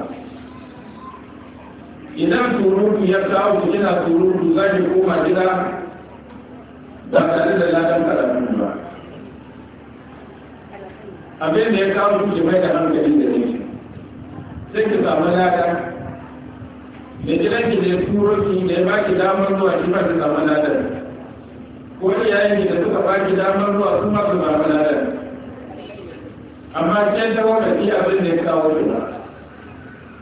idan surutu ya kawo kina surutu za ki koma gida ba tare da ladan karatu ba abin da ya kawo ki mai da hankali da ne sai ki samu ladan da gidan ki da ya turo ki da ya ba ki damar zuwa ki ba ki samu ladan wani yayin da suka baki damar zuwa su masu mamalalar amma can ta wata fi abin da ya kawo su ba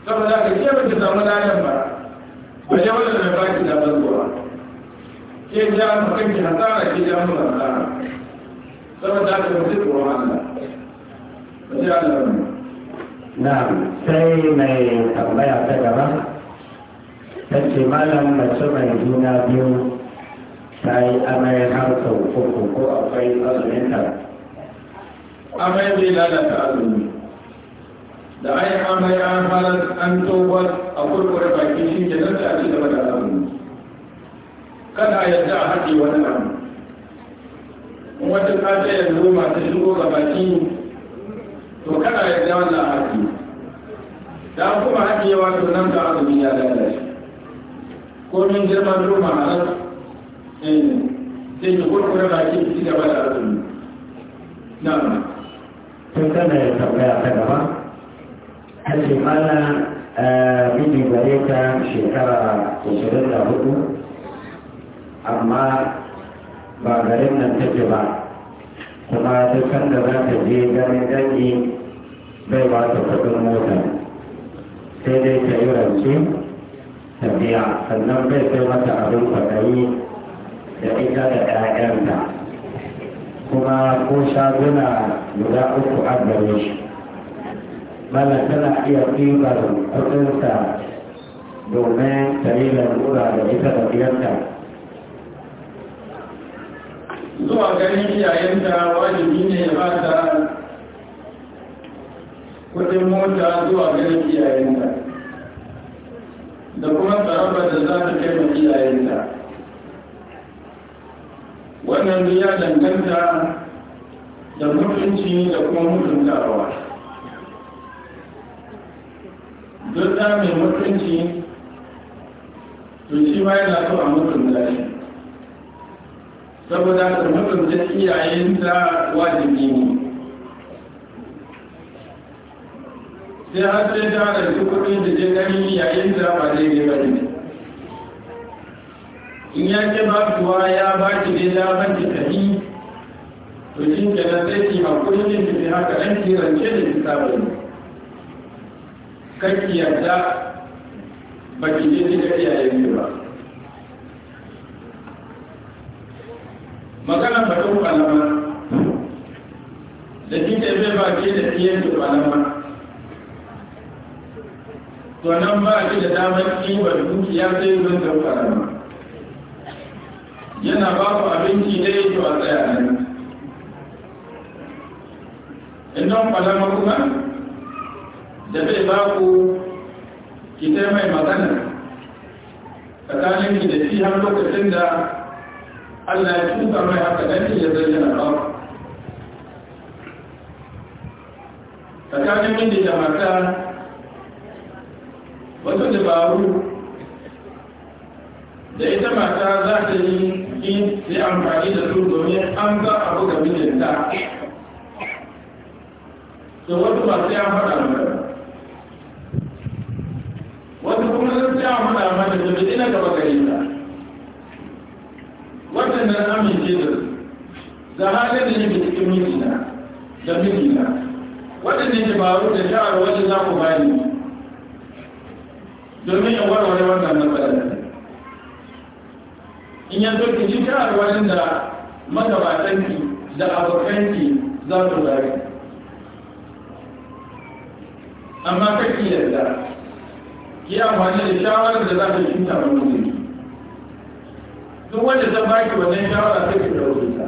saboda ka ke ba ki samu lalan ba ba ya wata da baki damar zuwa ke ja mu kanki hasara ke ja mu hasara saboda ka mutu ba sai Allah Na'am sai mai tambaya ta gaba ta ce malam mace mai juna biyu sai yi amai har sau uku ko akwai azumin ta amai zai lalata azumi da ai amai an halar an tobar a kurkure baki shi ke nan da ake gaba da azumi kada a yadda a haɗe wani abu wata ta ce yanzu masu shigo ga baki to kada yadda wannan haɗe da kuma haɗewa to nan da azumi ya shi. ko min girman a nan? Eh, sai ya kurkura baki ci gaba da azumi na'am tun kana ya tambaya ta gaba ta ce mana eh, miji gare ta shekara 24 amma ba garin nan take ba kuma duk sanda za ta je ganin dangi bai ba ta kudin mota sai dai ta yi rance tafiya sannan bai sai mata abin kwaɗayi da ita da ƴaƴanta kuma ko shaguna guda uku a gare shi mana tana iya ɗibar kuɗinsa domin ta yi lalura da ita da ɗiyarta zuwa ganin iyayenta wajibi ne ba ta kudin mota zuwa ganin iyayenta da kuma tsarabar da za ta kai iyayenta wannan ya danganta da mutunci da kuma mutuntawa duk da mai mutunci tunci shi ma yana so a mutunta shi saboda ka mutunta iyayenta wajibi ne sai har sai ta da su kudin da je gani iyayenta ba daidai ba ne in ya ke ba kuwa ya ba ki ne ban ki tafi to shi ke nan sai ki haƙuri ne ki haka ɗan ki rance da ki ne. kan ki yarda ba ki je ki ga iyayen ki ba magana ba ɗan ƙwalama da kike zai ba ke da fiye da ƙwalama to nan ba ki da damar kiwon dukiya sai zan ɗan ƙwalama yana ba ku abinci ne yake a tsaya nan idan kwalama kuma da bai ba ku kitai mai magana tsakanin ki da shi har lokacin da allah ya tuka mai haka da ya zayyana ba tsakanin mini da mata wasu dabaru da ita mata za ta yi in sai amfani da su domin an ga abu ga mijin da so wasu ba sai an faɗa mana wasu kuma sun sai an faɗa mana domin ina gaba gari ta na amince da su da halin da yake cikin mijina da mijina waɗannan dabaru da sha'ar wajen za ku bani domin in warware wannan matsalar in ya zo ki kira da magabatanki da abokanki za su zari amma kake yarda ki amfani da shawarar da za ta cuta wa mutum duk wanda ta baki wannan shawara sai ki rauni ta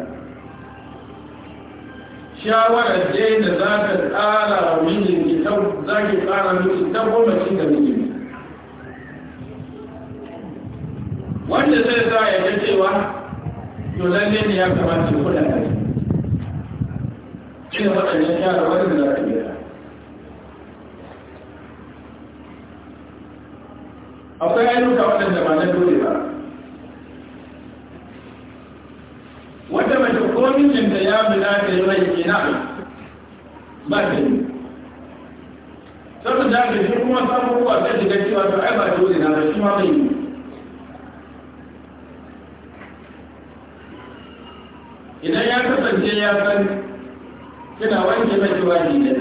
shawarar dai da za ta tsara wa mijinki za ki tsara miki ta goma shi da miki wanda zai za a yi cewa to lalle ne ya kamata ya kula da shi ne waɗannan yara wanda za su yi akwai ayyuka waɗanda ba na dole ba mai mace jin da ya bila ta yi mai kina ba ta yi saboda haka shi kuma samun ruwa ta shiga cewa ta ai dole na da shi ma mai yi idan ya kasance ya san kina wanke mai zuwa gida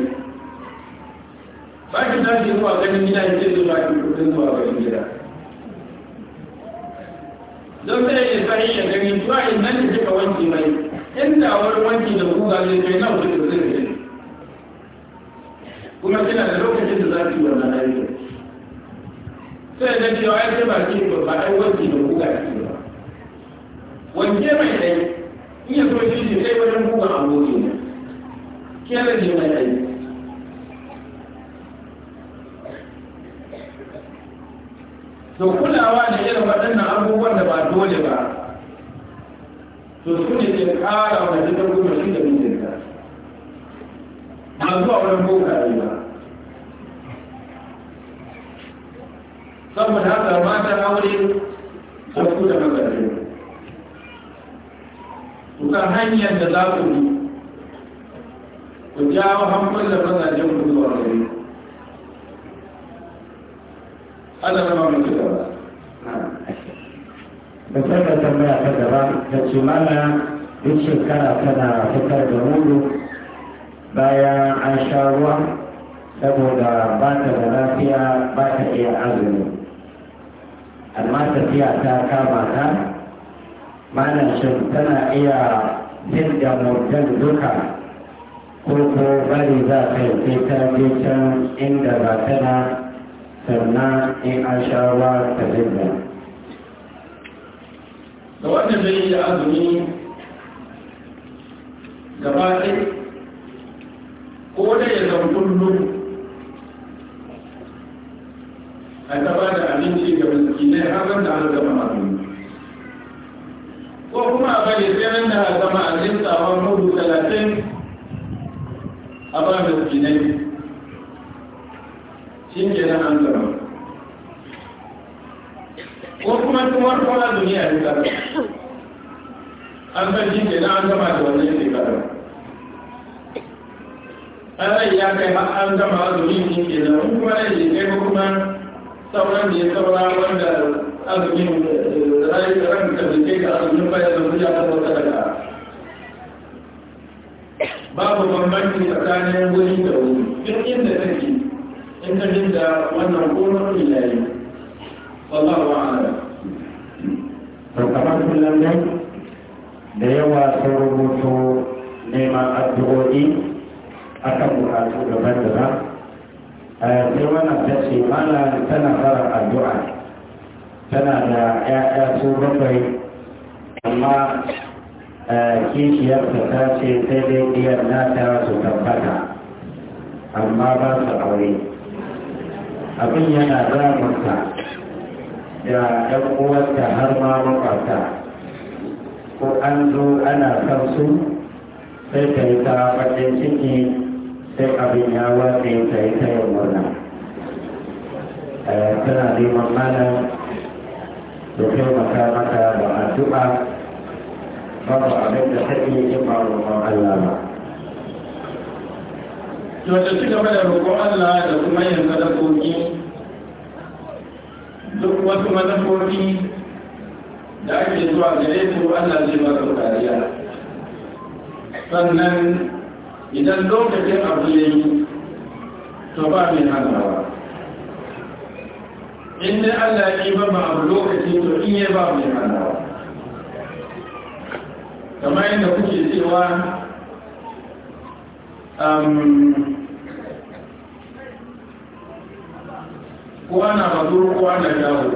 ba ki tashi zuwa ganin gida ke zuwa ki kudin zuwa ganin gida don sai ya sai ya gani zuwa nan da ka wanke mai inda wani wanki da kuka zai kai nan kudin zai kuma kina da lokacin da za ki wannan aiki sai da cewa ya ce ba ki ba ɗan wanki da kuka ki ba wanke mai dai. iya zo shi shi kai wajen buga a wuri ne kenan ne mai aiki to kulawa da irin waɗannan abubuwan da ba dole ba to su ne ke ƙara wa jikin goma shi da mijinta ba zuwa wurin boka ne ba saboda haka mata aure sun kuta magana san hanyar da za ku ku jawo hankali da mazajen ku zuwa gari Allah na mamu ci gaba da sai tambaya ta gaba da ce mana duk shekara tana fitar da mudu bayan an sha ruwa saboda ba ta da lafiya ba ta iya azumi amma tafiya ta kama ta malam shin tana iya jin da mutum duka ko ko bari za ka yi ta je can inda ba tana sannan in an shawa ta zirga. da wanda zai yi azumi gaba ɗai ko da ya zama kullum a gaba da abinci ga ne har da an zama azumi ko kuma a bari sai nan da zama a jin tsawon mudu talatin a ba miskinai shi ke na an gaba ko kuma tun warko na duniya ne kada an san shi ke nan an gama da wannan ne kada an ya kai har an gama azumi shi ke nan kuma rai ya kai kuma sauran da ya saura wanda azumin ذلك لم تبكيك أرجو فيا زوجة وتلك babu bambanci tsakanin wuri da wuri duk inda take in ka jinda wannan komar ne wallahu a'lam to kamar kullum ne da yawa sun rubuto neman addu'o'i akan bukatu daban-daban eh, sai wannan ta ce mana tana fara addu'a tana da ‘ya'ya su bakwai amma eh, kishiyarta ta ce sai dai diyar nata su tabbata amma ba su aure abin yana damunta da ɗan uwarta har ma makwata ko an zo ana san su sai ta yi ta faɗin ciki sai abin ya watsa ta yi ta yin murna eh, tana neman malam da taimaka maka da addu'a babu abin da ta iya yin ba roƙon Allah ba. To da ci gaba da roƙon Allah da kuma yin sadakoki duk wasu manufofi da ake zuwa gare su Allah zai maka kariya. Sannan idan lokacin abu ya yi to ba mai hanawa. in dai Allah ya ba ma abu lokaci to in ya ba mai hana kamar yadda kuke cewa um, kowa na mazuru kowa na dawo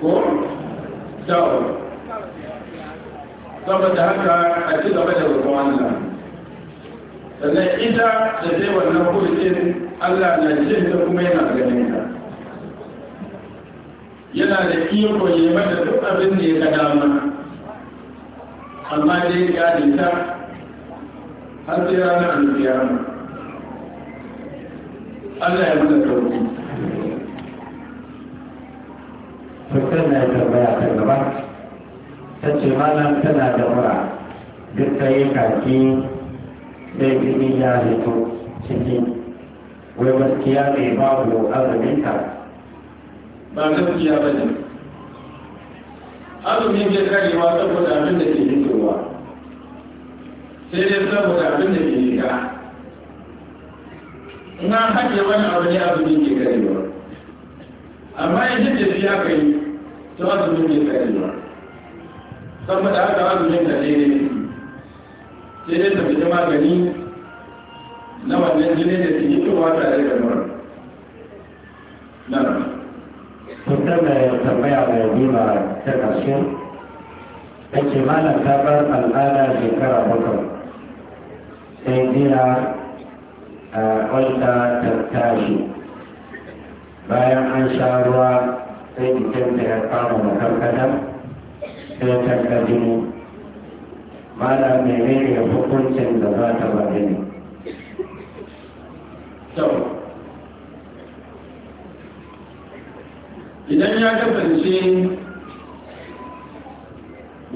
ko dawo saboda haka a ci gaba da rukun Allah sannan ita da zai wannan Allah na da kuma yana ganin yana da iko ya mata duk abin da ya ga dama amma dai ya ta har sai ranar alfiya Allah ya mana tauki Sosai na tambaya ta gaba, ta ce malam tana da mura duk ta yi kaki zai gini ya hito cikin wai maskiya mai babu azuminta ba gaskiya ba ne azumi ke karewa saboda abin da ke fitowa sai dai saboda abin da ke shiga na hajje wani abu ne azumi ke karewa amma in ji tafiya kai to azumi ke karewa saboda haka azumin da daidai ne sai dai tafi da magani na wannan jini da ke fitowa tare da mura na ita ya tambaya mai bima ta ƙarshe ta ce malam ta bar al'ada shekara bakwai sai jiya a ƙwalta ta tashi bayan an sha ruwa sai da ya kama makarkata sai ta ga jini malam menene hukuncin da za ta bari ne idan ya kasance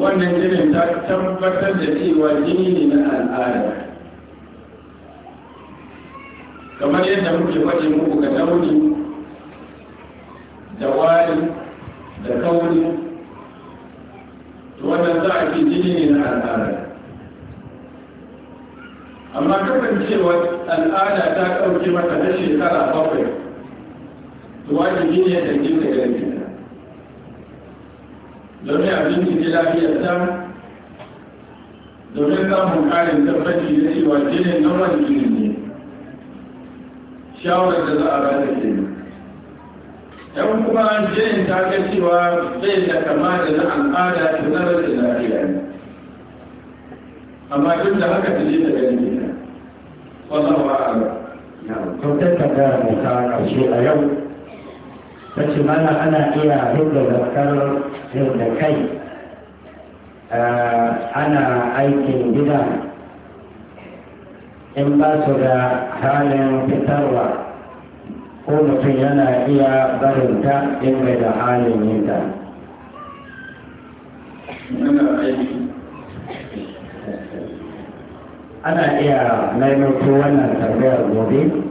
wannan jinin ta tabbatar da cewa jini ne na al'ada kamar yadda muke wajen muku ga nauyi da wari da kauri to wannan za a ce jini ne na al'ada amma kasancewar al'ada ta ɗauki mata na shekara bakwai wajibi ne da ji da gani domin abinci ne lafiyar ta domin samun karin tabbaci na cewa jinin na wani jinin ne shawarar da za a ba ta kenan yan kuma jinin ta ga cewa zai da kama da na al'ada ta zarar da lafiya ne amma duk da haka ta je da gani ne wallahu a'lam. Kautar ta gara mai kawo a yau ta mana ana iya rubda zakar yau da kai eh, ana aikin gida in ba su da halin fitarwa ko mutum yana iya barinta in bai da halin yin ta ana iya maimaito wannan tambayar gobe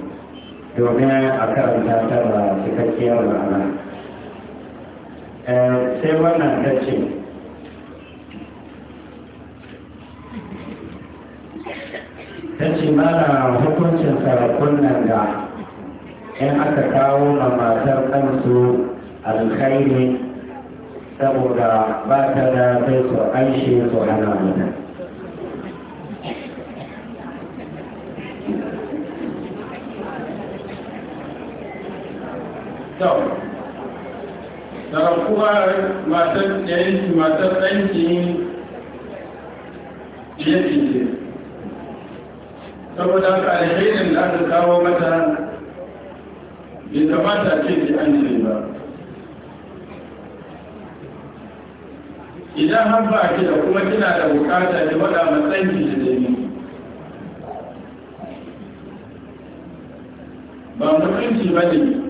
domin a karanta ta ba cikakkiyar ma'ana eh, sai wannan ta ce ta ce mana hukuncin sarakun nan da in aka kawo ma matar kansu alkhairi saboda ba ta da sai su aishe su hana mutane daga kuma matar da yanki matar ɗanki yanki ce saboda haka alherin da aka kawo mata bai kamata ce da an ce ba idan har ba ki da kuma kina da bukata ki faɗa matsayin ki da ni ba mutunci ba ne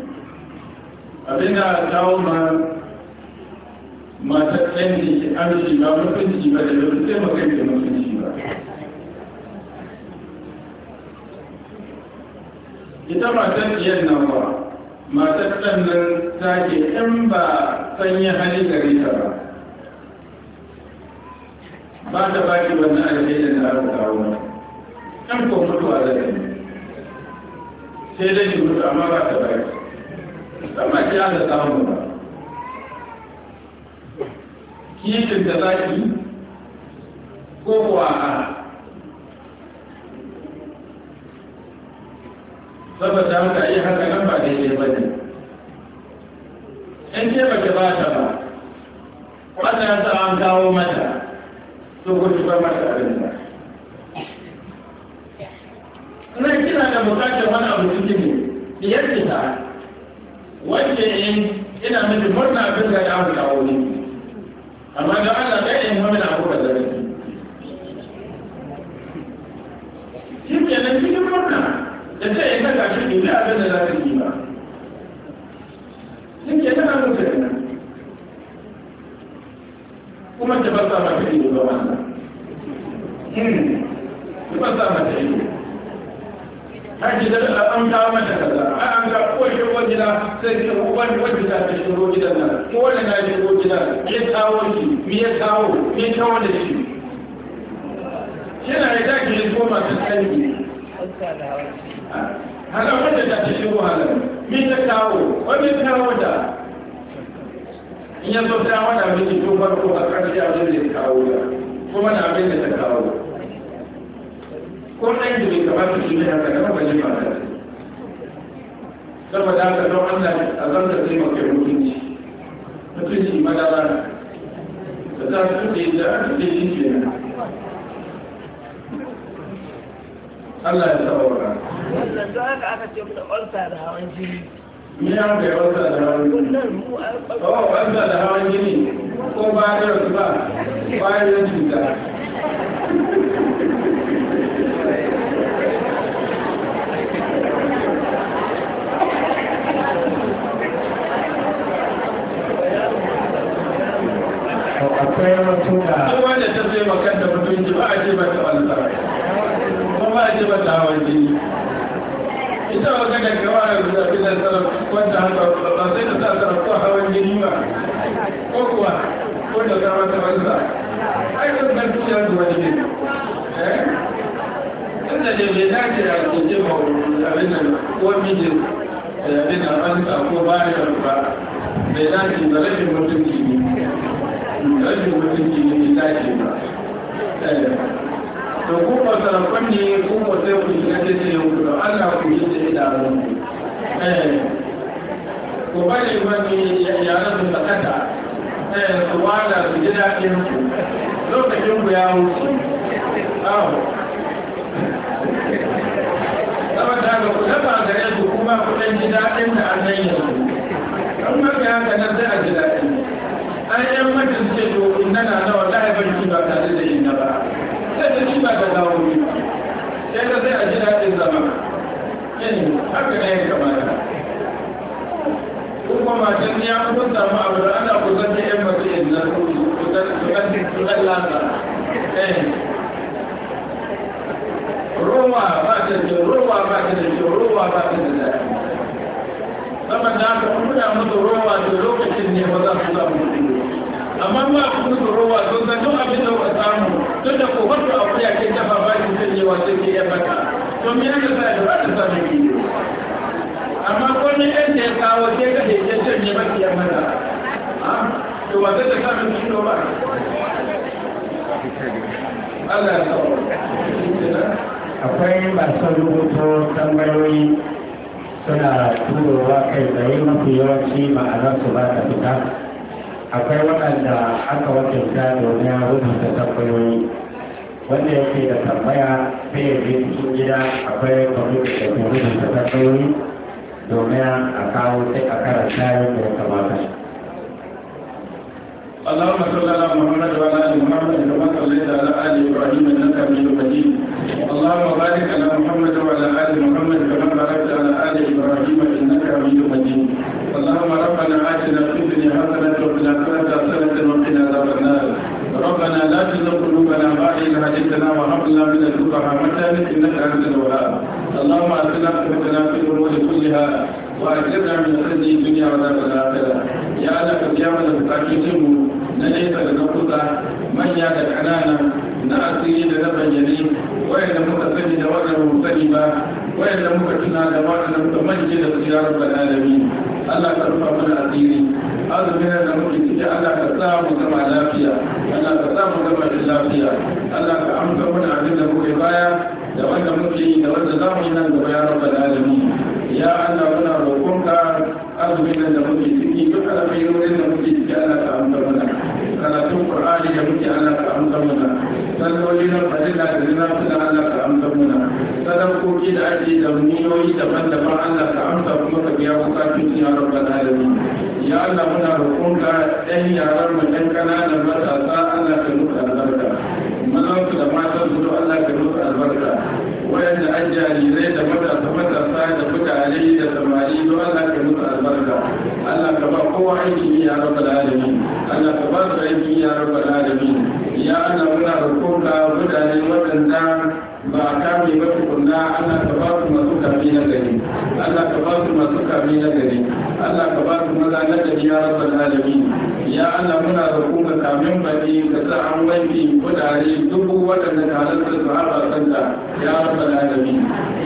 abinda a kawo ma mata ɗan da ke amshi ba mutunci ba da ba su taimaka da mutunci ba ita matar ɗiyar nan ba matar ɗan nan ta ke ɗan ba sanya hali gare ta ba ba ta ba ki wani alheri na aka kawo ma ɗan ko mutuwa zai sai dai ki mutu amma ba ta ba ki sama ce da samu ba kishin da zaki ko kuwa a saboda haka yi haka nan ba daidai ba ne in ce ba ki ba ta ba wanda ya sa an kawo mata to ku ci bar mata abin ba ina kina da bukatar wani abu cikin ne biyar ki ta wanda in ina miji murna abin da ya wuce aure amma da Allah in da shi nan cikin murna da ta yi daga shi ne abin da za yi ba shi ke nan da kuma ta fasa ma hmm. ta wannan ta ma ta ta da an mata kaza gida sai ce wani wani gida ta shigo gidan nan ko wani na shigo gida ya kawo shi me ya kawo me kawo da shi yana ya dake ya zo masu tsari halar wanda ta ta shigo halar me ta kawo wani kawo da in ya zo ta wani abin da ko a ƙarshe a da ya kawo da ko wani abin da ta kawo ko ɗan da bai kamata shi ne haka kama ba ne ba saboda haka don Allah a zan da zai maka mutunci mutunci madara da za su da aka ce shi ke nan Allah ya haka aka ce mutu da hawan jini Ni an kai ɓansa da hawan jini? Oh, olsa da hawan jini ko ba da ba bayan cuta. Kuma da ta zai makar da mutunci ba a ce ba ta wani sarai. Kuma a ce ba ta hawan jini. Ita ba ka daga wa da zafi da sarar wanda haka ba sai ta sa sarar ko hawan jini ba. Ko kuwa ko da ta wata wanda. Ai kan san tuya zuwa ne. Eh? Tunda da bai dace a cikin ba abin nan ko mijin da eh, abin nan an sa ko ba ya ba. Bai dace da rashin mutunci rashin mutunci ne ta ce ba eh, to ku ba sarafan ne ku ba sai ku shiga da ce ku da Allah ku yi da idanun ku eh, ku ba ne ba ne yaran su sakata eh, su wada su ji daɗin ku lokacin ku ya wuce awo saboda haka ku dafa gare ku kuma ku ɗan ji daɗin da an nan yanzu an mafi haka na sai a ji daɗin an yi mata suke to inna na na wallahi ban ci ba tare da inna ba sai da ci ba da dawo ni sai da sai a ji daɗin zama yin haka ne kamata kuma matan ya kun samu abu da ana kusan da yan mace in nan kusan kusan kusan lanta eh. ruwa ba ta da ruwa ba ta da ruwa ba ta da daɗi saboda haka kuna musu ruwa da lokacin ne ba za su samu mutum amma ba a kuma tsoro ba sun san abin da kuka samu tun da kofar a abu ya ke dafa ba shi sai yawa sai ke yan baka to me yadda sa ba ta sami biyu amma kwanan yan da ya kawo sai ka da ya canje mafi yan mata to ba zai ta sami biyu ba Allah ya kawo akwai masu rubuto tambayoyi suna turowa kai tsaye mafi yawanci ma'anar ba ta fita akwai waɗanda aka wakilta domin ya rubuta tambayoyi wanda yake da tambaya sai ya je cikin gida akwai kwamfuta da ke rubuta tambayoyi domin a kawo sai a karanta yin da ya kamata اللهم صل على محمد وعلى ال محمد كما صليت على ال ابراهيم انك حميد مجيد اللهم بارك على محمد وعلى ال محمد كما باركت على ال ابراهيم انك حميد مجيد اللهم ربنا آتنا في الدنيا حسنة وفي الآخرة حسنة وقنا عذاب النار ربنا لا تزغ قلوبنا بعد إذ هديتنا وهب لنا من لدنك رحمة إنك أنت الوهاب اللهم آتنا حكمتنا في الأمور كلها وأجرنا من خزي الدنيا وعذاب الآخرة يا لك يا من بتاكيتم نليس لنقطة من يعد لك نأتي إلى وإن جليل وإن تكن وإن متسجد وإن لم تكن متسجد وإن يا رب العالمين Allah ka rufa mana asiri azumin da mutu ciki Allah ka sa mu zama lafiya Allah ka sa mu zama da lafiya Allah ka amsa mana abin da kuke baya da wanda muke yi da wanda za mu yi nan gaba ya da alamin ya Allah muna roƙonka azumin da muke ciki duk alkhairorin da muke ciki Allah ka amsa mana karatun Qur'ani da muke Allah ka amsa mana salloli na fadila da nuna fila Allah ka amsa muna sadakoki da ake da muniyoyi daban-daban Allah ka amsa kuma ka biya bukatun ya rabbal alamin ya Allah muna roƙonka ɗan yaran mu ɗan ƙananan matasa Allah ka musu albarka mazan da matan su Allah ka musu albarka wayanda an jarirai da matasa matasa da mutane da samari don Allah ka musu albarka Allah ka ba kowa aikin ya rabbal alamin Allah ka ba su aikin ya rabbal alamin ya Allah muna roƙon ka mutane waɗanda ba a kame ba tukunna Allah ka ba su masu kami na gari Allah ka ba su masu kami na gari Allah ka ba su maza na gari ya rabbal alami ya ana muna roƙon ka kamin baki ka sa an wanki kudare duk waɗanda ka halatta su har ba santa ya rabbal alami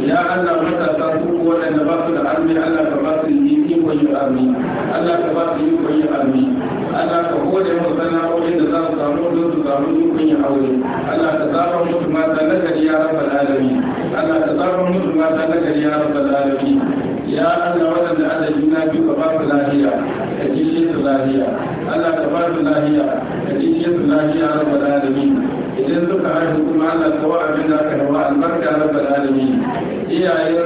ya Allah sa su waɗanda ba su da armi Allah ka ba su yi yi yi armi Allah ka ba su yi ikon armi Allah ka gode mu sannan aure da za su samu don su samu ikon yin aure Allah ka tsara musu mata na gari ya rabbal alamin Allah ka tsara musu mata na gari ya rabbal alamin ya Allah wadanda ada juna biyu ka ba su lafiya ka kishe su lafiya Allah ka ba su lafiya ka kishe su lafiya rabbal alamin idan suka haihu kuma Allah ka wa abin da aka hawa albarka rabbal alamin iyaye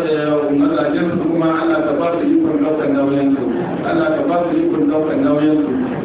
mazajen su kuma Allah ka ba su ikon ɗaukar nauyin su Allah ka ba su ikon ɗaukar nauyin su